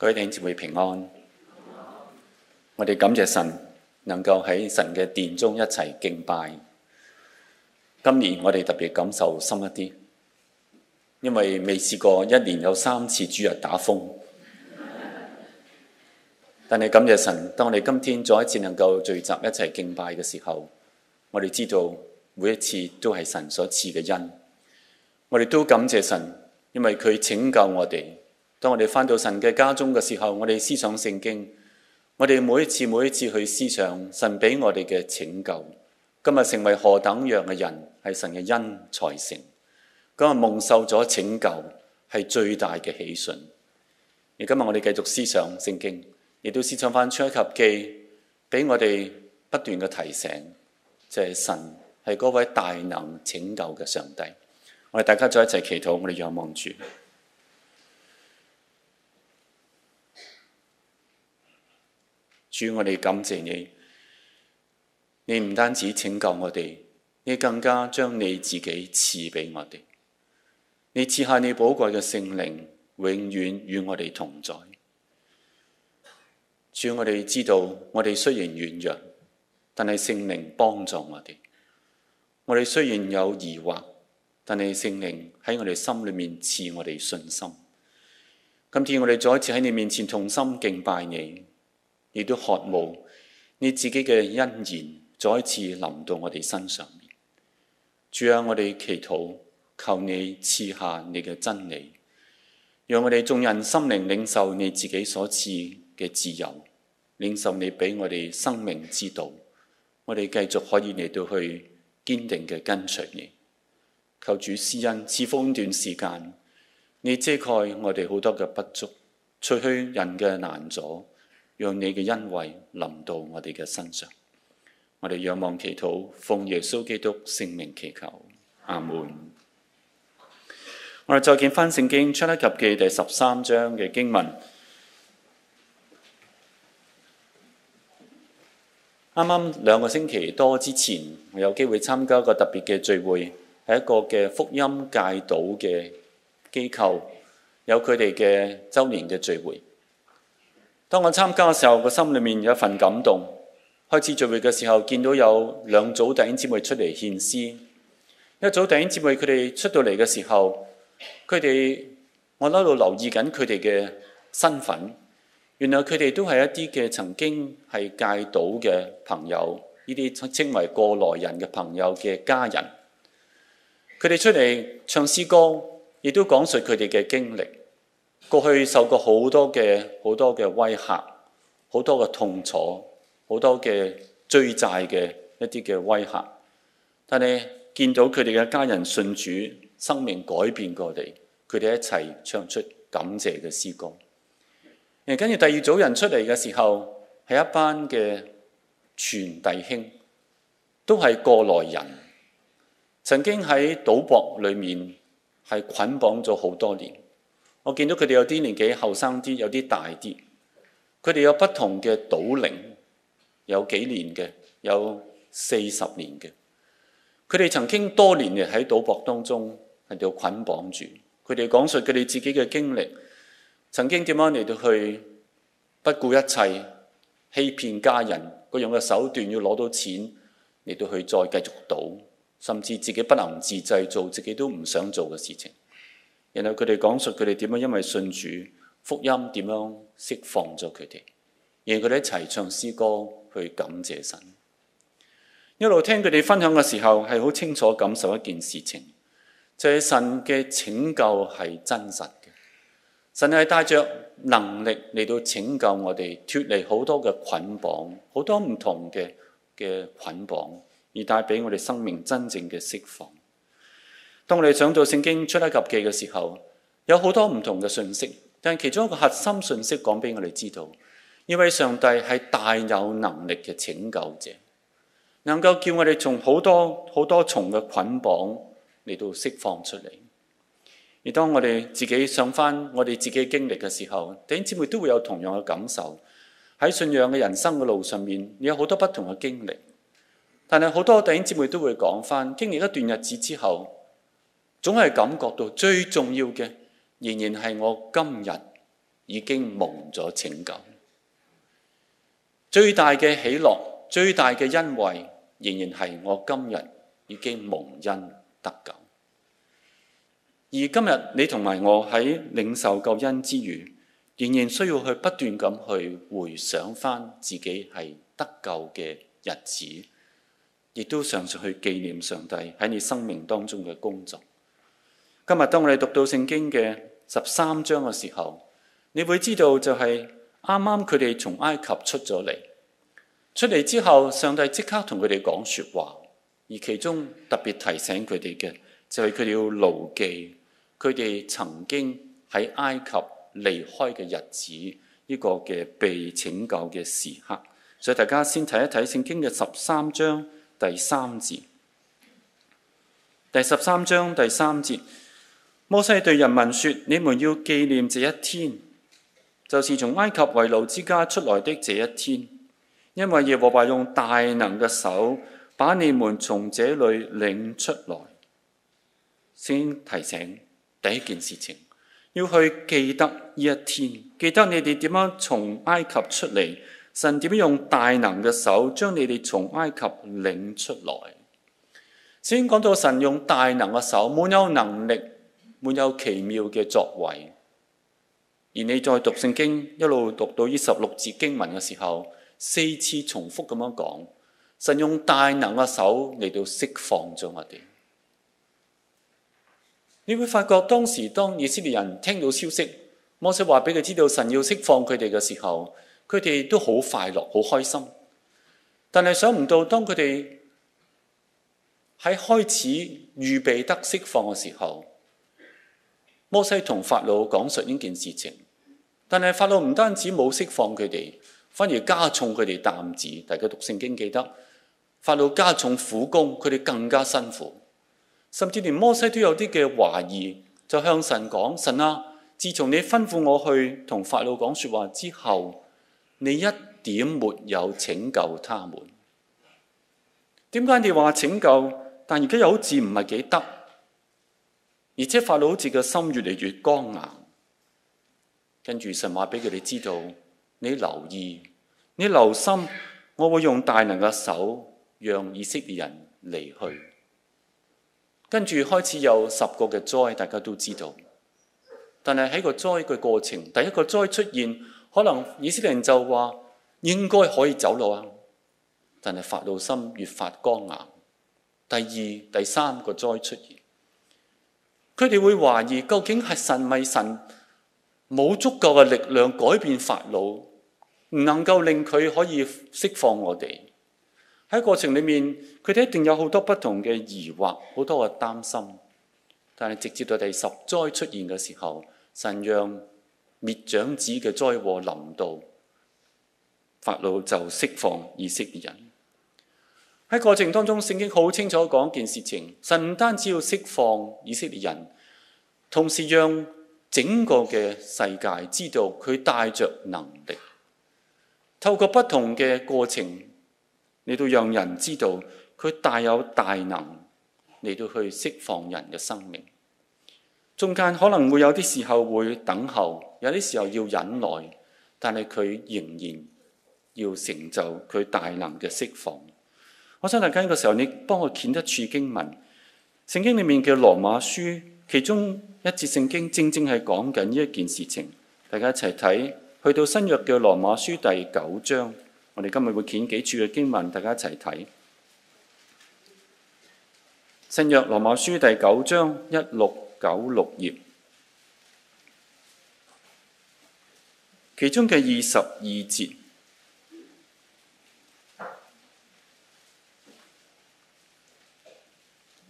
各位姊妹，平安。我哋感謝神，能夠喺神嘅殿中一齊敬拜。今年我哋特別感受深一啲，因為未試過一年有三次主日打風。但係感謝神，當我哋今天再一次能夠聚集一齊敬拜嘅時候，我哋知道每一次都係神所賜嘅恩。我哋都感謝神，因為佢拯救我哋。當我哋翻到神嘅家中嘅時候，我哋思想聖經，我哋每一次每一次去思想神俾我哋嘅拯救，今日成為何等樣嘅人，係神嘅恩才成。今日蒙受咗拯救，係最大嘅喜訊。而今日我哋繼續思想聖經，亦都思想翻出埃及記，俾我哋不斷嘅提醒，就係、是、神係嗰位大能拯救嘅上帝。我哋大家再一齊祈禱，我哋仰望住。主，我哋感謝你。你唔單止拯救我哋，你更加將你自己賜俾我哋。你賜下你寶貴嘅聖靈，永遠與我哋同在。主，我哋知道，我哋雖然軟弱，但係聖靈幫助我哋。我哋雖然有疑惑，但係聖靈喺我哋心裏面賜我哋信心。今天我哋再一次喺你面前同心敬拜你。亦都渴慕，你自己嘅恩言再一次臨到我哋身上面。主啊，我哋祈禱，求你賜下你嘅真理，讓我哋眾人心靈領受你自己所賜嘅自由，領受你俾我哋生命之道，我哋繼續可以嚟到去堅定嘅跟隨你。求主施恩，賜福呢段時間，你遮蓋我哋好多嘅不足，除去人嘅難阻。讓你嘅恩惠臨到我哋嘅身上，我哋仰望祈禱，奉耶穌基督聖名祈求，阿門。阿們我哋再見翻聖經出埃及記第十三章嘅經文。啱啱兩個星期多之前，我有機會參加一個特別嘅聚會，係一個嘅福音戒賭嘅機構，有佢哋嘅周年嘅聚會。當我參加嘅時候，個心裏面有一份感動。開始聚會嘅時候，見到有兩組弟兄姊妹出嚟獻詩。一組弟兄姊妹佢哋出到嚟嘅時候，佢哋我喺度留意緊佢哋嘅身份。原來佢哋都係一啲嘅曾經係戒賭嘅朋友，呢啲稱為過來人嘅朋友嘅家人。佢哋出嚟唱詩歌，亦都講述佢哋嘅經歷。過去受過好多嘅、好多嘅威嚇，好多嘅痛楚，好多嘅追債嘅一啲嘅威嚇。但係見到佢哋嘅家人信主，生命改變過嚟，佢哋一齊唱出感謝嘅詩歌。誒，跟住第二組人出嚟嘅時候，係一班嘅傳弟兄，都係過來人，曾經喺賭博裏面係捆綁咗好多年。我見到佢哋有啲年紀後生啲，有啲大啲，佢哋有不同嘅賭齡，有幾年嘅，有四十年嘅。佢哋曾經多年嚟喺賭博當中喺度捆綁住。佢哋講述佢哋自己嘅經歷，曾經點樣嚟到去不顧一切欺騙家人，嗰樣嘅手段要攞到錢嚟到去再繼續賭，甚至自己不能自制，做自己都唔想做嘅事情。然後佢哋講述佢哋點樣因為信主福音，點樣釋放咗佢哋。然後佢哋一齊唱詩歌去感謝神。一路聽佢哋分享嘅時候，係好清楚感受一件事情，就係、是、神嘅拯救係真實嘅，神係帶着能力嚟到拯救，我哋脫離好多嘅捆綁，好多唔同嘅嘅捆綁，而帶俾我哋生命真正嘅釋放。當我哋想到聖經出埃及記嘅時候，有好多唔同嘅信息，但係其中一個核心信息講俾我哋知道，呢位上帝係大有能力嘅拯救者，能夠叫我哋從好多好多重嘅捆綁嚟到釋放出嚟。而當我哋自己上翻我哋自己經歷嘅時候，弟兄姊妹都會有同樣嘅感受。喺信仰嘅人生嘅路上面，有好多不同嘅經歷，但係好多弟兄姊妹都會講翻，經歷一段日子之後。總係感覺到最重要嘅，仍然係我今日已經蒙咗拯救。最大嘅喜樂、最大嘅欣慰，仍然係我今日已經蒙恩得救。而今日你同埋我喺領受救恩之餘，仍然需要去不斷咁去回想翻自己係得救嘅日子，亦都嘗試去紀念上帝喺你生命當中嘅工作。今日當我哋讀到聖經嘅十三章嘅時候，你會知道就係啱啱佢哋從埃及出咗嚟，出嚟之後，上帝即刻同佢哋講説話，而其中特別提醒佢哋嘅就係佢哋要牢記佢哋曾經喺埃及離開嘅日子，呢、這個嘅被拯救嘅時刻。所以大家先睇一睇聖經嘅十三章第三節，第十三章第三節。摩西對人民說：你們要紀念這一天，就是從埃及為奴之家出來的這一天，因為耶和華用大能嘅手把你們從這裏領出來。先提醒第一件事情，要去記得呢一天，記得你哋點樣從埃及出嚟，神點樣用大能嘅手將你哋從埃及領出來。先講到神用大能嘅手，滿有能力。沒有奇妙嘅作為，而你在讀聖經，一路讀到呢十六節經文嘅時候，四次重複咁樣講，神用大能嘅手嚟到釋放咗我哋。你會發覺當時當以色列人聽到消息，摩西話俾佢知道神要釋放佢哋嘅時候，佢哋都好快樂、好開心。但係想唔到，當佢哋喺開始預備得釋放嘅時候，摩西同法老講述呢件事情，但係法老唔單止冇釋放佢哋，反而加重佢哋擔子。大家讀聖經記得，法老加重苦工，佢哋更加辛苦，甚至連摩西都有啲嘅懷疑，就向神講：神啊，自從你吩咐我去同法老講說話之後，你一點沒有拯救他們。點解你話拯救，但而家又好似唔係幾得？而且法老好似嘅心越嚟越剛硬，跟住神話俾佢哋知道，你留意，你留心，我會用大能嘅手讓以色列人離去。跟住開始有十個嘅災，大家都知道。但係喺個災嘅過程，第一個災出現，可能以色列人就話應該可以走路啊。但係法老心越發剛硬。第二、第三個災出現。佢哋會懷疑究竟係神咪，神冇足夠嘅力量改變法老，唔能夠令佢可以釋放我哋。喺過程裏面，佢哋一定有好多不同嘅疑惑，好多嘅擔心。但係直至到第十災出現嘅時候，神讓滅長子嘅災禍臨到，法老就釋放以色列人。喺過程當中，聖經好清楚講一件事情：神唔單止要釋放以色列人，同時讓整個嘅世界知道佢帶着能力，透過不同嘅過程嚟到讓人知道佢大有大能嚟到去釋放人嘅生命。中間可能會有啲時候會等候，有啲時候要忍耐，但係佢仍然要成就佢大能嘅釋放。我想大家呢個時候，你幫我揀一處經文。聖經裏面嘅羅馬書，其中一節聖經正正係講緊呢件事情。大家一齊睇，去到新約嘅羅馬書第九章，我哋今日會揀幾處嘅經文，大家一齊睇。新約羅馬書第九章一六九六頁，其中嘅二十二節。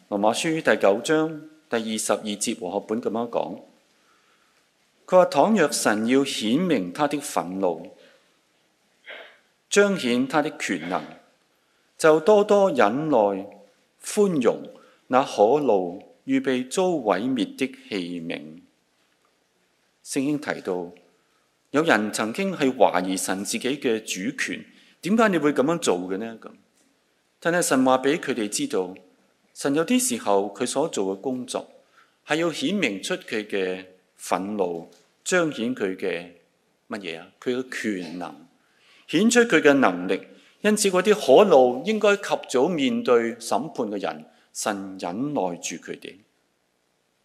羅馬書第九章第二十二節，和合本咁樣講，佢話，倘若神要顯明他的憤怒，彰顯他的權能，就多多忍耐寬容那可怒預備遭毀滅的器皿。聖經提到，有人曾經係懷疑神自己嘅主權，點解你會咁樣做嘅呢？咁，但係神話俾佢哋知道。神有啲時候，佢所做嘅工作係要顯明出佢嘅憤怒，彰顯佢嘅乜嘢啊？佢嘅權能，顯出佢嘅能力。因此，嗰啲可怒應該及早面對審判嘅人，神忍耐住佢哋，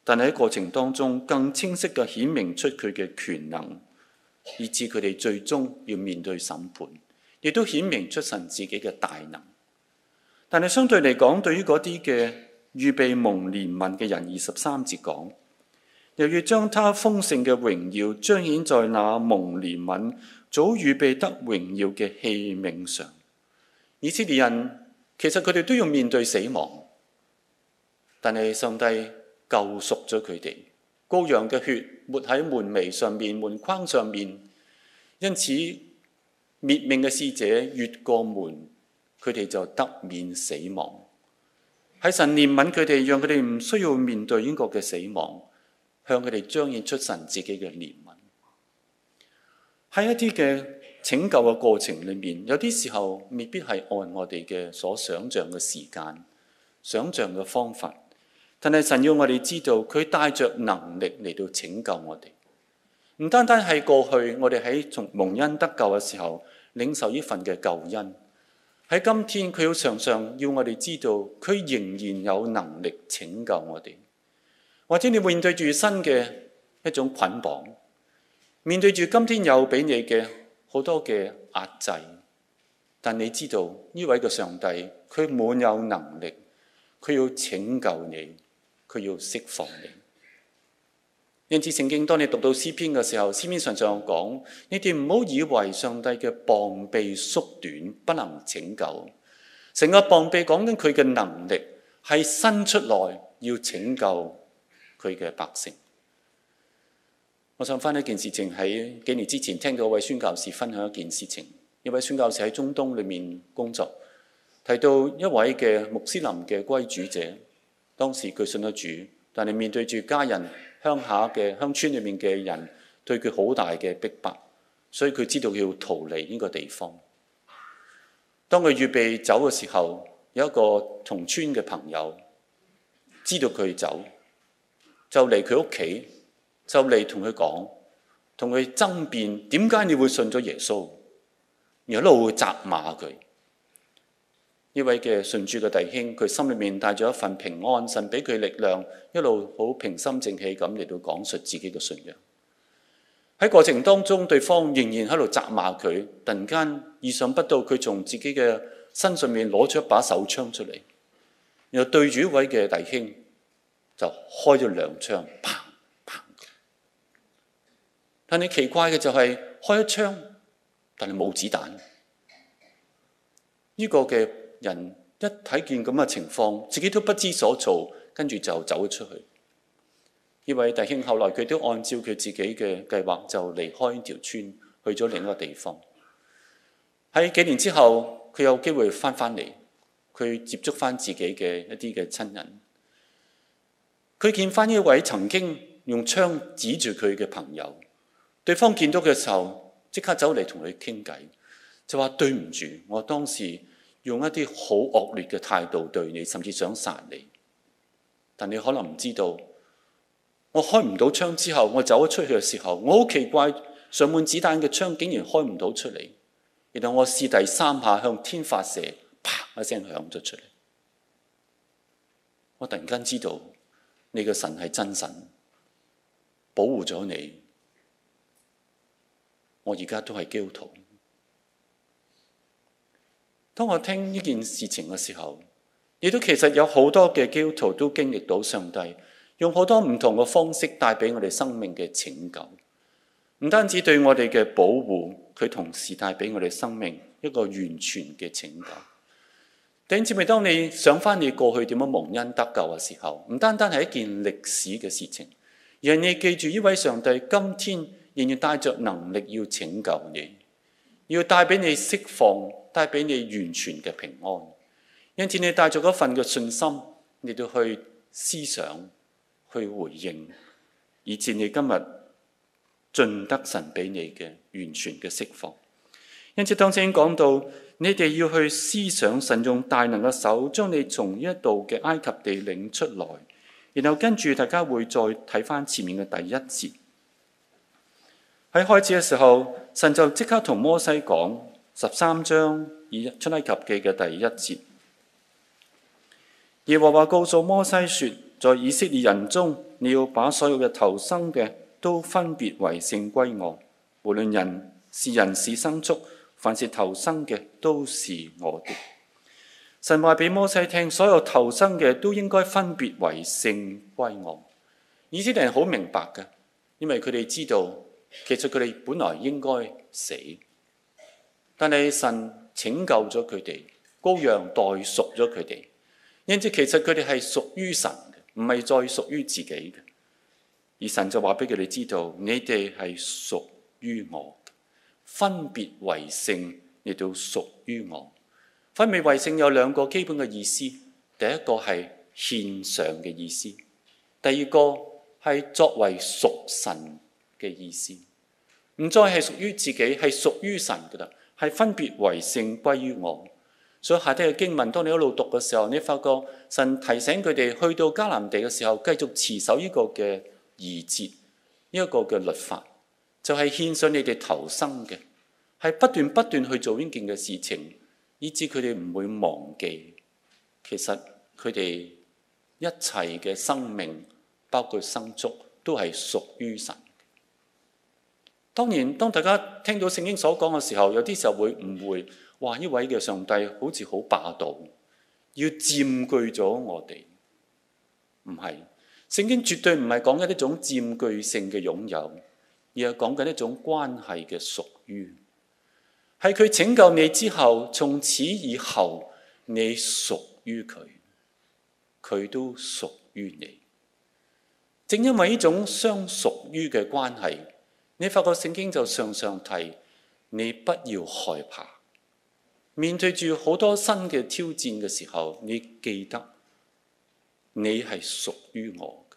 但係喺過程當中，更清晰嘅顯明出佢嘅權能，以至佢哋最終要面對審判，亦都顯明出神自己嘅大能。但係相對嚟講，對於嗰啲嘅預備蒙憐憫嘅人，二十三節講，又要將他豐盛嘅榮耀彰顯在那蒙憐憫、早預備得榮耀嘅器皿上。以色列人其實佢哋都要面對死亡，但係上帝救贖咗佢哋。羔羊嘅血抹喺門楣上面、門框上面，因此滅命嘅使者越過門。佢哋就得免死亡，喺神憐憫佢哋，讓佢哋唔需要面對英國嘅死亡，向佢哋彰顯出神自己嘅憐憫。喺一啲嘅拯救嘅過程裏面，有啲時候未必係按我哋嘅所想象嘅時間、想象嘅方法，但係神要我哋知道，佢帶着能力嚟到拯救我哋，唔單單係過去我哋喺從蒙恩得救嘅時候領受呢份嘅救恩。喺今天，佢要常常要我哋知道，佢仍然有能力拯救我哋。或者你面對住新嘅一種捆綁，面對住今天有俾你嘅好多嘅壓制，但你知道呢位嘅上帝，佢冇有能力，佢要拯救你，佢要釋放你。因此，聖經當你讀到詩篇嘅時候，詩篇上就講：你哋唔好以為上帝嘅膀臂縮短，不能拯救。成個膀臂講緊佢嘅能力係伸出來要拯救佢嘅百姓。我想翻一件事情，情喺幾年之前聽過一位宣教士分享一件事情，情一位宣教士喺中東裡面工作，提到一位嘅穆斯林嘅歸主者，當時佢信咗主，但係面對住家人。鄉下嘅鄉村裏面嘅人對佢好大嘅逼迫，所以佢知道要逃離呢個地方。當佢預備走嘅時候，有一個同村嘅朋友知道佢走，就嚟佢屋企，就嚟同佢講，同佢爭辯，點解你會信咗耶穌，然後一路會責罵佢。呢位嘅信主嘅弟兄，佢心裏面帶咗一份平安，神俾佢力量，一路好平心靜氣咁嚟到講述自己嘅信仰。喺過程當中，對方仍然喺度責罵佢，突然間意想不到，佢從自己嘅身上面攞出一把手槍出嚟，然後對住呢位嘅弟兄就開咗兩槍，砰砰！但你奇怪嘅就係、是、開一槍，但係冇子彈。呢、這個嘅。人一睇見咁嘅情況，自己都不知所措，跟住就走咗出去。呢位弟兄後來佢都按照佢自己嘅計劃，就離開條村去咗另一個地方。喺幾年之後，佢有機會翻翻嚟，佢接觸翻自己嘅一啲嘅親人，佢見翻呢一位曾經用槍指住佢嘅朋友，對方見到嘅時候即刻走嚟同佢傾偈，就話對唔住，我當時。用一啲好惡劣嘅態度對你，甚至想殺你。但你可能唔知道，我開唔到槍之後，我走咗出去嘅時候，我好奇怪，上滿子彈嘅槍竟然開唔到出嚟。然後我試第三下向天發射，啪一聲響咗出嚟。我突然間知道，你個神係真神，保護咗你。我而家都係基督徒。當我聽呢件事情嘅時候，亦都其實有好多嘅基督徒都經歷到上帝用好多唔同嘅方式帶俾我哋生命嘅拯救，唔單止對我哋嘅保護，佢同時帶俾我哋生命一個完全嘅拯救。頂住未？當你想翻你過去點樣蒙恩得救嘅時候，唔單單係一件歷史嘅事情，人你記住呢位上帝，今天仍然帶着能力要拯救你，要帶俾你釋放。帶俾你完全嘅平安，因此你帶住嗰份嘅信心，你都去思想、去回應，以致你今日盡得神俾你嘅完全嘅釋放。因此，當時已經講到你哋要去思想神用大能嘅手將你從一度嘅埃及地領出來，然後跟住大家會再睇返前面嘅第一節。喺開始嘅時候，神就即刻同摩西講。十三章以出埃及記嘅第一節，耶和華告訴摩西說：在以色列人中，你要把所有嘅頭生嘅都分別為聖歸我。無論人是人是牲畜，凡是頭生嘅都是我的。神話俾摩西聽，所有頭生嘅都應該分別為聖歸我。以色列人好明白嘅，因為佢哋知道，其實佢哋本來應該死。但係神拯救咗佢哋，羔羊代贖咗佢哋，因此其實佢哋係屬於神嘅，唔係再屬於自己嘅。而神就話俾佢哋知道，你哋係屬於我嘅，分別為聖亦都屬於我。分別為聖有兩個基本嘅意思，第一個係獻上嘅意思，第二個係作為屬神嘅意思，唔再係屬於自己，係屬於神噶啦。係分別為聖歸於我，所以下邊嘅經文，當你一路讀嘅時候，你發覺神提醒佢哋去到迦南地嘅時候，繼續持守呢個嘅儀節，呢、這、一個嘅律法，就係、是、獻上你哋頭生嘅，係不斷不斷去做呢件嘅事情，以至佢哋唔會忘記。其實佢哋一切嘅生命，包括生畜，都係屬於神。當然，當大家聽到聖經所講嘅時候，有啲時候會誤會，哇！呢位嘅上帝好似好霸道，要佔據咗我哋。唔係，聖經絕對唔係講緊一種佔據性嘅擁有，而係講緊一種關係嘅屬於。係佢拯救你之後，從此以後，你屬於佢，佢都屬於你。正因為呢種相屬於嘅關係。你發覺聖經就常常提，你不要害怕，面對住好多新嘅挑戰嘅時候，你記得你係屬於我嘅。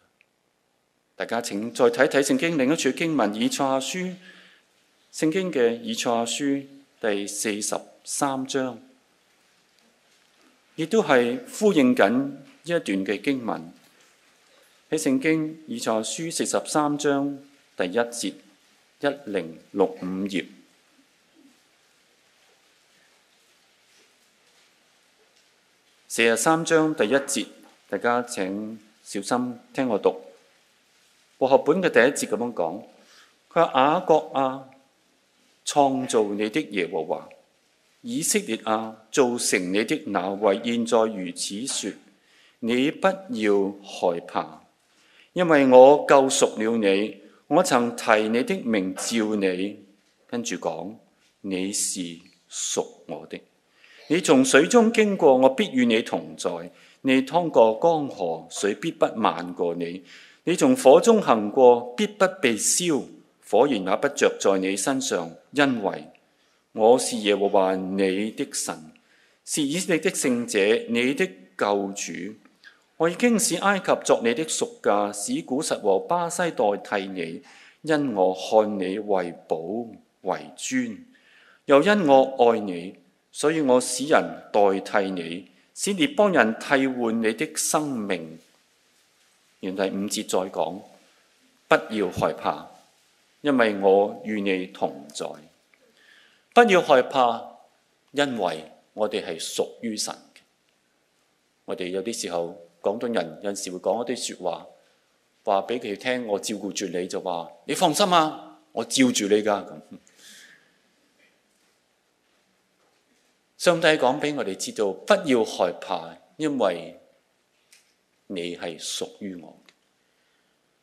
大家請再睇睇聖經另一處經文，以賽亞書，聖經嘅以賽亞書第四十三章，亦都係呼應緊一段嘅經文，喺聖經以賽亞書四十三章第一節。一零六五頁，四十三章第一節，大家請小心聽我讀。和合本嘅第一節咁樣講，佢話雅各啊，創造你的耶和華，以色列啊，造成你的那位，現在如此說，你不要害怕，因為我救贖了你。我曾提你的名召你，跟住講你是屬我的。你從水中經過，我必與你同在；你趟過江河，水必不漫過你。你從火中行過，必不被燒；火焰也不着在你身上，因為我是耶和華你的神，是以色列的聖者，你的救主。我已經使埃及作你的贖價，使古實和巴西代替你，因我看你為寶為尊，又因我愛你，所以我使人代替你，使列邦人替換你的生命。原第五節再講，不要害怕，因為我與你同在。不要害怕，因為我哋係屬於神嘅。我哋有啲時候。廣東人有陣時會講一啲說話，話俾佢聽。我照顧住你就話，你放心啊，我照住你噶。上帝講俾我哋知道，不要害怕，因為你係屬於我。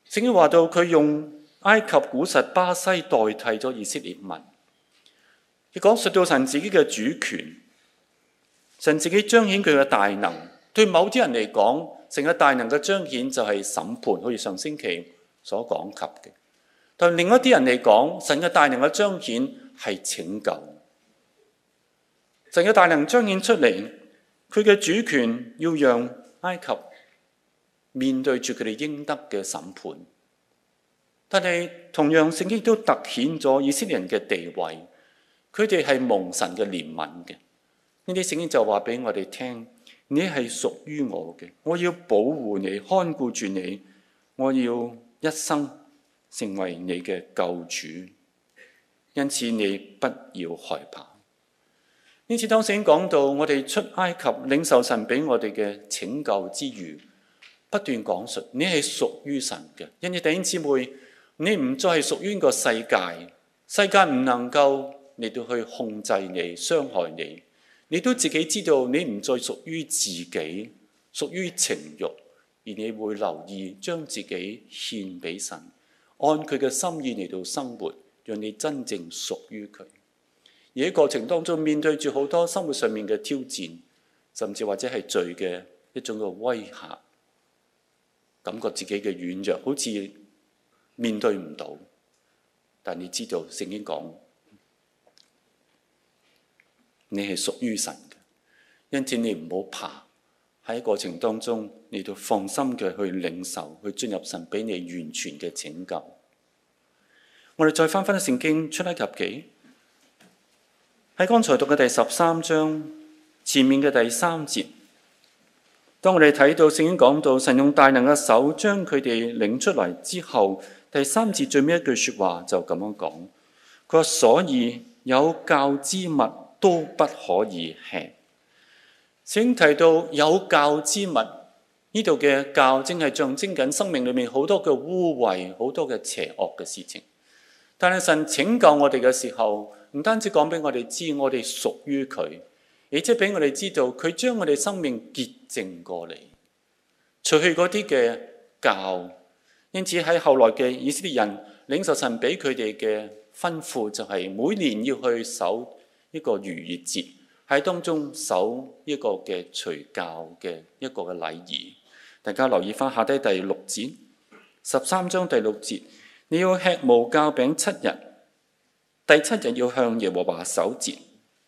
聖經話到，佢用埃及古實、巴西代替咗以色列民。佢講述到神自己嘅主權，神自己彰顯佢嘅大能。對某啲人嚟講，神嘅大能嘅彰顯就係審判，好似上星期所講及嘅。但另一啲人嚟講，神嘅大能嘅彰顯係拯救。神嘅大能彰顯出嚟，佢嘅主權要讓埃及面對住佢哋應得嘅審判。但係同樣聖經都突顯咗以色列人嘅地位，佢哋係蒙神嘅憐憫嘅。呢啲聖經就話俾我哋聽。你係屬於我嘅，我要保護你，看顧住你，我要一生成為你嘅救主。因此你不要害怕。因此當時已經講到，我哋出埃及領受神俾我哋嘅拯救之餘，不斷講述你係屬於神嘅。因此弟兄姊妹，你唔再係屬於個世界，世界唔能夠嚟到去控制你、傷害你。你都自己知道，你唔再屬於自己，屬於情欲，而你會留意將自己獻俾神，按佢嘅心意嚟到生活，讓你真正屬於佢。而喺過程當中，面對住好多生活上面嘅挑戰，甚至或者係罪嘅一種嘅威嚇，感覺自己嘅軟弱，好似面對唔到。但你知道，聖經講。你係屬於神嘅，因此你唔好怕。喺過程當中，你都放心嘅去領受，去進入神俾你完全嘅拯救。我哋再翻翻《聖經出埃及記》，喺剛才讀嘅第十三章前面嘅第三節，當我哋睇到聖經講到神用大能嘅手將佢哋領出嚟之後，第三節最尾一句説話就咁樣講：佢話所以有酵之物，都不可以吃。請提到有酵之物呢度嘅酵，正係象徵緊生命裏面好多嘅污穢，好多嘅邪惡嘅事情。但係神拯救我哋嘅時候，唔單止講俾我哋知我哋屬於佢，亦即係俾我哋知道佢將我哋生命潔淨過嚟，除去嗰啲嘅酵。因此喺後來嘅以色列人，領受神俾佢哋嘅吩咐就係每年要去守。呢個逾越節喺當中守一個嘅除酵嘅一個嘅禮儀，大家留意翻下低第六節，十三章第六節，你要吃無酵餅七日，第七日要向耶和華守節，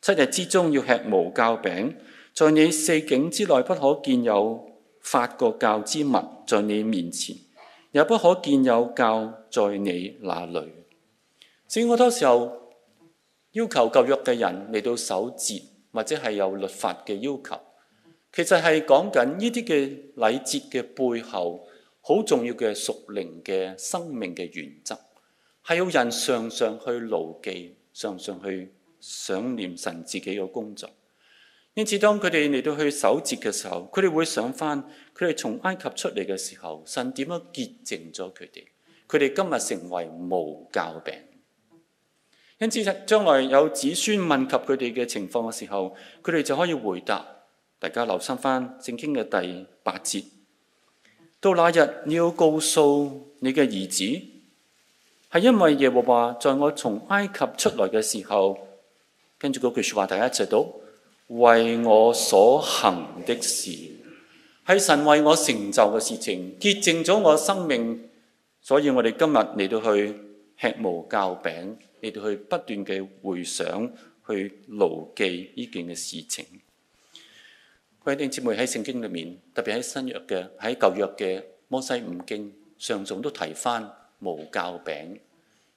七日之中要吃無酵餅，在你四境之內不可見有發過酵之物在你面前，也不可見有酵在你那裡。至於好多時候。要求救約嘅人嚟到守節，或者係有律法嘅要求，其實係講緊呢啲嘅禮節嘅背後好重要嘅屬靈嘅生命嘅原則，係有人常常去牢記，常常去想念神自己嘅工作。因此，當佢哋嚟到去守節嘅時候，佢哋會想返佢哋從埃及出嚟嘅時候，神點樣潔淨咗佢哋？佢哋今日成為無酵餅。因此，將來有子孫問及佢哋嘅情況嘅時候，佢哋就可以回答。大家留心翻聖經嘅第八節。到那日你要告訴你嘅兒子，係因為耶和華在我從埃及出來嘅時候，跟住句說話，大家一齊讀：為我所行的事，係神為我成就嘅事情，潔淨咗我生命，所以我哋今日嚟到去。吃無酵餅，你哋去不斷嘅回想，去牢記呢件嘅事情。弟兄姊妹喺聖經裏面，特別喺新約嘅喺舊約嘅摩西五經上，仲都提翻無酵餅。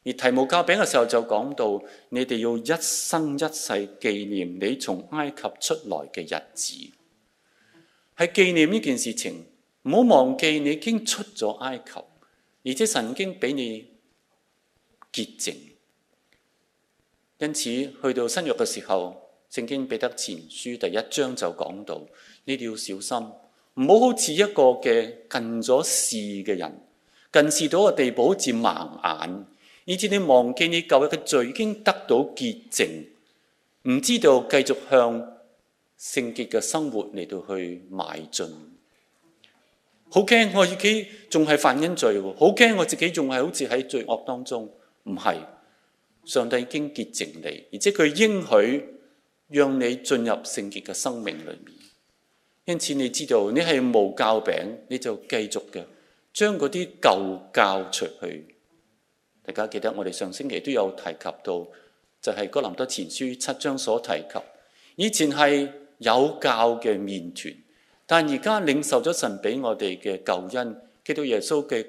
而提無酵餅嘅時候就講到，你哋要一生一世紀念你從埃及出來嘅日子。喺紀念呢件事情，唔好忘記你已經出咗埃及，而且神經俾你。潔淨。因此，去到新約嘅時候，聖經彼得前書第一章就講到，你哋要小心，唔好好似一個嘅近咗視嘅人，近視到個地步好似盲眼，以至你忘記你舊日嘅罪已經得到潔淨，唔知道繼續向聖潔嘅生活嚟到去邁進。好驚我自己仲係犯緊罪，好驚我自己仲係好似喺罪惡當中。唔係，上帝已經潔淨你，而且佢應許讓你進入聖潔嘅生命裏面。因此你知道你係無酵餅，你就繼續嘅將嗰啲舊酵除去。大家記得我哋上星期都有提及到，就係哥林多前書七章所提及，以前係有酵嘅麵團，但而家領受咗神俾我哋嘅救恩，基督耶穌嘅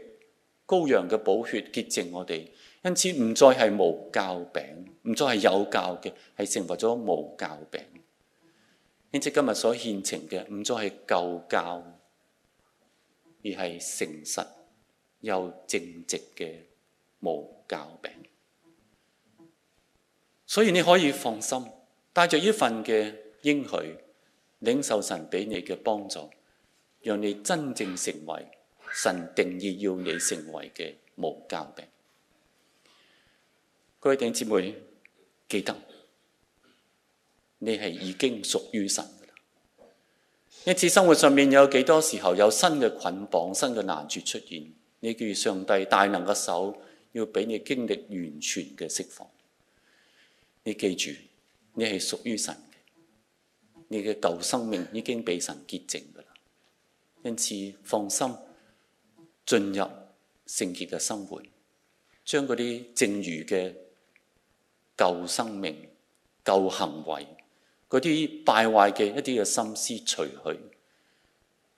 羔羊嘅寶血潔淨我哋。因此唔再係無酵餅，唔再係有酵嘅，係成為咗無酵餅。因此今日所獻呈嘅唔再係舊酵，而係誠實又正直嘅無酵餅。所以你可以放心，帶着呢份嘅應許，領受神俾你嘅幫助，讓你真正成為神定義要你成為嘅無酵餅。各位弟兄姊妹，記得你係已經屬於神噶啦。因此生活上面有幾多時候有新嘅捆綁、新嘅難處出現，你叫住上帝大能嘅手，要俾你經歷完全嘅釋放。你記住，你係屬於神嘅，你嘅舊生命已經被神潔淨噶啦。因此放心進入聖潔嘅生活，將嗰啲剩餘嘅。舊生命、舊行為、嗰啲敗壞嘅一啲嘅心思除去，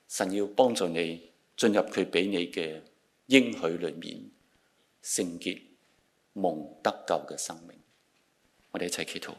神要幫助你進入佢俾你嘅應許裏面，聖潔蒙得救嘅生命，我哋一齊祈禱。